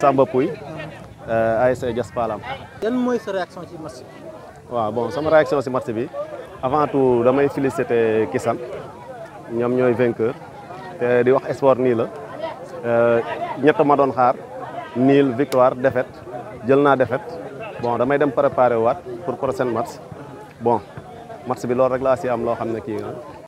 Samba puy, euh ASC Dias Palam yan moy sa réaction ci match wa bon sama réaction ci match bi avant tout damay féliciter Kissan ñom ñoy vainqueur té di wax espoir ni la euh ñett ma doon xaar nil victoire défaite jël na défaite bon damay dem préparer wat pour prochain match bon match bi lool rek la ci am lo xamné ki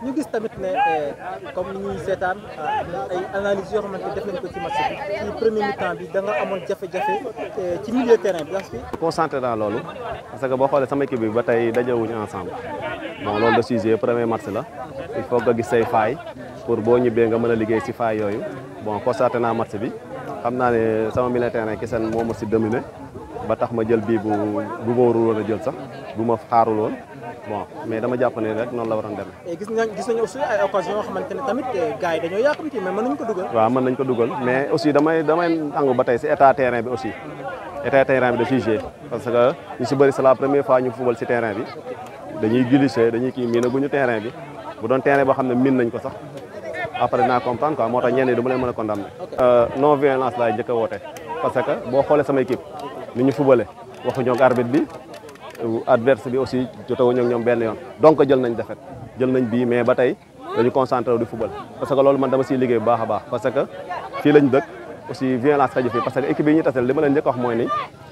ñu gis tamit ne euh, comme ni ñuy seetaan euh, ay analyse yoo xamante def nañ ko ci match bi ci premier mi-temps bi da nga amoon jafe-jafe euh, ci milieu terrain bi parce naa loolu parce que boo xoolee sama équipe bi ba tey dajewuñu ensemble bon loolu de sujet premier match la il faut nga gis say faay pour boo ñibbee nga mën a liggéey si faay yooyu bon concentré naa match bi xam naa ne sama milieu terrain Kissane moo ma si dominé ba tax ma jël bii bu bu ma warul a jël sax bu ma xaarul woon mais dama jàpp ne rek noonu la waroon dem gis nañ gis nañ aussi ay occasion yoo xamante tamit eh, gars yi dañoo yàqamti mais mën nañ ko dugal. mais aussi damay damay nangu ba tey si état terrain bi aussi état terrain bi da ciy joué parce que ñu si bëri c'est la première fois ñu fubal si terrain bi dañuy glissé dañuy kii miinaguñu terrain bi bu doon terrain boo xam ne miin nañ ko sax après dinaa comprendre quoi moo tax ñenn yi du ma leen mën a condamné. Euh, non violence laay njëkk a woote que boo xoolee sama équipe. ni ñu fubale waxu ñok arbitre bi adverse bi aussi jotawu ñok ñom ben yoon donc jël nañ défaite jël nañ bi mais ba tay dañu concentré di football parce que loolu man dama ci liggéey baax a baax parce que fi lañ dëkk aussi violence xaju fi parce que équipe bi ñi tasal lima lañ ñëk wax moy ni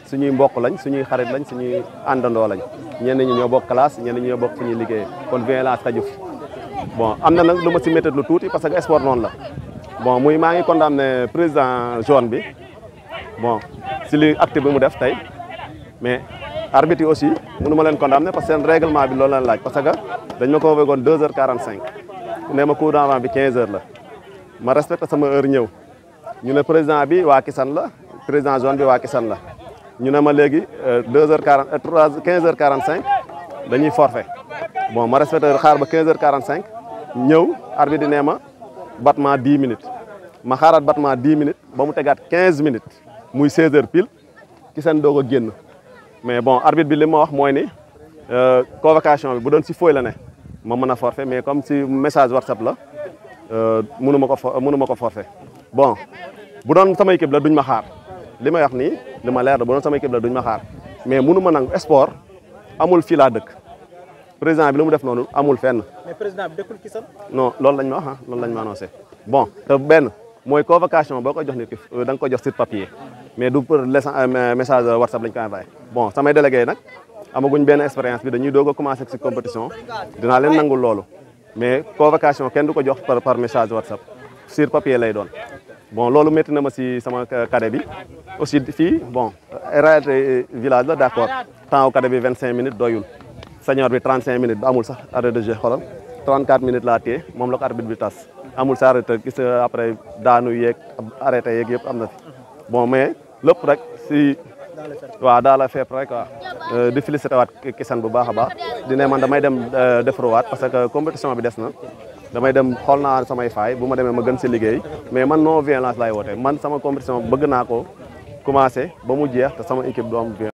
suñuy mbokk lañ suñuy xarit lañ suñuy andando lañ ñen ñi ñoo bok class ñen ñi ñoo bok suñuy liggéey kon violence xaju bon amna nak nag ci si méthode lu touti parce que sport non la bon muy maa ngi condamné président jaune bi bon si li acte bi mu def tey mais arbitre yi aussi mënu ma leen condamner parce que seen règlement bi loolu leen laaj parce que dañ ma convoqué woon deux heures quarante cinq nee ma coup d'envoi quinze heures la ma respecté sama heure ñëw ñu ne président bi waa Kisan la président zone bi waa Kisan la ñu ne ma léegi euh, deux heures quarante euh, trois quinze heures quarante cinq dañuy forfait bon ma respecté xaar ba quinze heures quarante cinq ñëw arbitre di nee ma battement dix minutes ma xaaraat battement dix minutes ba mu tegaat quinze minutes muy 16h pile ki sen dogo genn mais bon arbitre bi lima wax moy ni euh convocation bi bu doon ci foy la ne ma meuna forfait mais comme ci message whatsapp la euh mënuma ko mënuma ko forfait bon bu doon sama équipe la duñ ma xaar lima wax ni lima leer bu doon sama équipe la duñ ma xaar mais mënuma nang sport amul fi la deuk président bi lu mu def nonu amul fenn mais président bi dekkul kisam non lolou lañ ma wax ah, lolou lañ ma annoncer bon te ben moy convocation boko jox ni euh, dang ko jox sur papier mais du pour euh, message WhatsApp lañ ko envoyé bon samay délégué nak amaguñ ben expérience bi dañuy doog commencer commencé ci compétition dina len nangul lolu mais convocation kenn duko jox par par message WhatsApp sur papier lay doon bon lolu metti na ma ci sama cadet bi aussi fi bon réalité village la d'accord temps au cadet bi 25 minutes doyul senior bi 35 minutes ba amul sax arrêt de jeu xolal 34 minutes la téye mom la ko arbitre bi tas amul sa arrêté gis après daanu yek arrêté yek yep amna fi bon mais lépp rek si waaw daal la fepp rek waaw euh, di félicité waat kisan bu baax a baax dina ne man damay dem euh, defaruwaat parce que compétition bi des na damay dem xool naa samay faay bu ma demee ma gën si liggéey mais man non violence lay woote man sama compétition bëgg naa ko commencé ba mu jeex te sama équipe du am